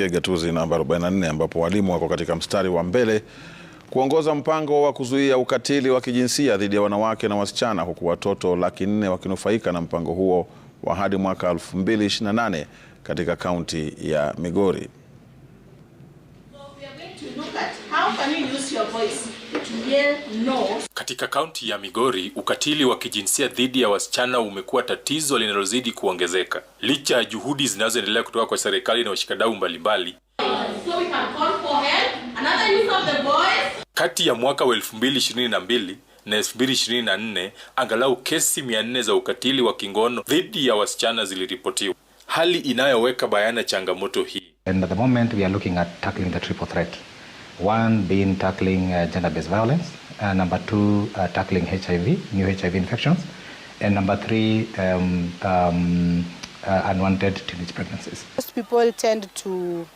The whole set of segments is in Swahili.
Tuelekee gatuzi namba 44 ambapo walimu wako katika mstari wa mbele kuongoza mpango wa kuzuia ukatili wa kijinsia dhidi ya wanawake na wasichana, huku watoto laki nne wakinufaika na mpango huo wa hadi mwaka 2028 katika kaunti ya Migori. Can you use your voice? Yeah, no. Katika kaunti ya Migori, ukatili wa kijinsia dhidi ya wasichana umekuwa tatizo linalozidi kuongezeka licha ya juhudi zinazoendelea kutoka kwa serikali na washikadau mbalimbali. Kati ya mwaka wa 2022 na 2024, angalau kesi 400 za ukatili wa kingono dhidi ya wasichana ziliripotiwa, hali inayoweka bayana changamoto hii. And at the moment we are looking at tackling the triple threat. One being tackling uh, gender-based violence, uh, number two, uh, tackling HIV, new HIV infections, and number three, um, um, uh, unwanted teenage pregnancies. Most people tend to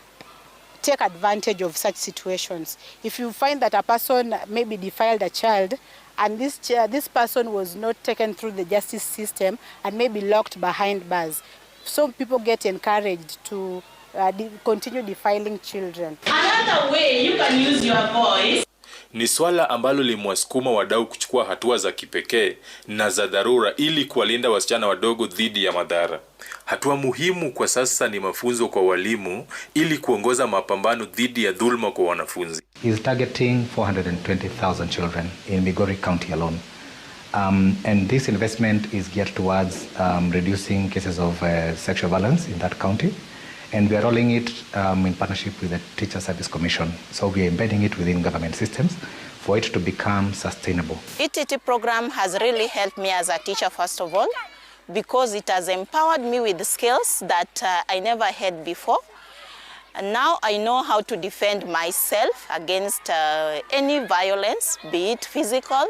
take advantage of such situations. If you find that a person maybe defiled a child, and this, this person was not taken through the justice system and maybe locked behind bars, some people get encouraged to uh, continue defiling children. Another way you can use your voice. Ni swala ambalo limewasukuma wadau kuchukua hatua za kipekee na za dharura ili kuwalinda wasichana wadogo dhidi ya madhara. Hatua muhimu kwa sasa ni mafunzo kwa walimu ili kuongoza mapambano dhidi ya dhulma kwa wanafunzi. He is targeting 420,000 children in Migori County alone. Um, and this investment is geared towards um, reducing cases of uh, sexual violence in that county. and we are rolling it um, in partnership with the Teacher Service Commission. So we are embedding it within government systems for it to become sustainable. ETT program has really helped me as a teacher, first of all, because it has empowered me with skills that uh, I never had before. And now I know how to defend myself against uh, any violence, be it physical,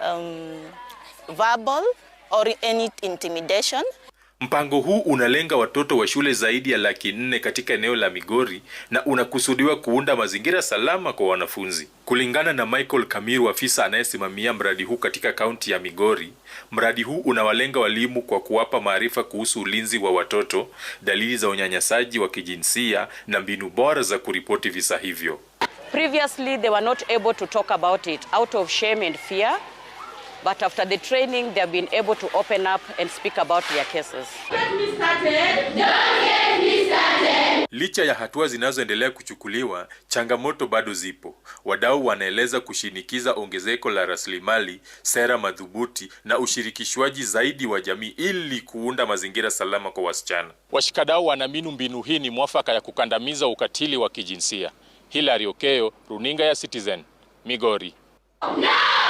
um, verbal, or any intimidation. Mpango huu unalenga watoto wa shule zaidi ya laki nne katika eneo la Migori na unakusudiwa kuunda mazingira salama kwa wanafunzi. Kulingana na Michael Kamiru, afisa anayesimamia mradi huu katika kaunti ya Migori, mradi huu unawalenga walimu kwa kuwapa maarifa kuhusu ulinzi wa watoto, dalili za unyanyasaji wa kijinsia na mbinu bora za kuripoti visa hivyo. Previously, they were not able to talk about it out of shame and fear but after the training they have been able to open up and speak about their cases. Licha ya hatua zinazoendelea kuchukuliwa, changamoto bado zipo. Wadau wanaeleza kushinikiza ongezeko la rasilimali, sera madhubuti na ushirikishwaji zaidi wa jamii ili kuunda mazingira salama kwa wasichana. Washikadau wanaamini mbinu hii ni mwafaka ya kukandamiza ukatili wa kijinsia. Hilary Okeo, Runinga ya Citizen, Migori. No!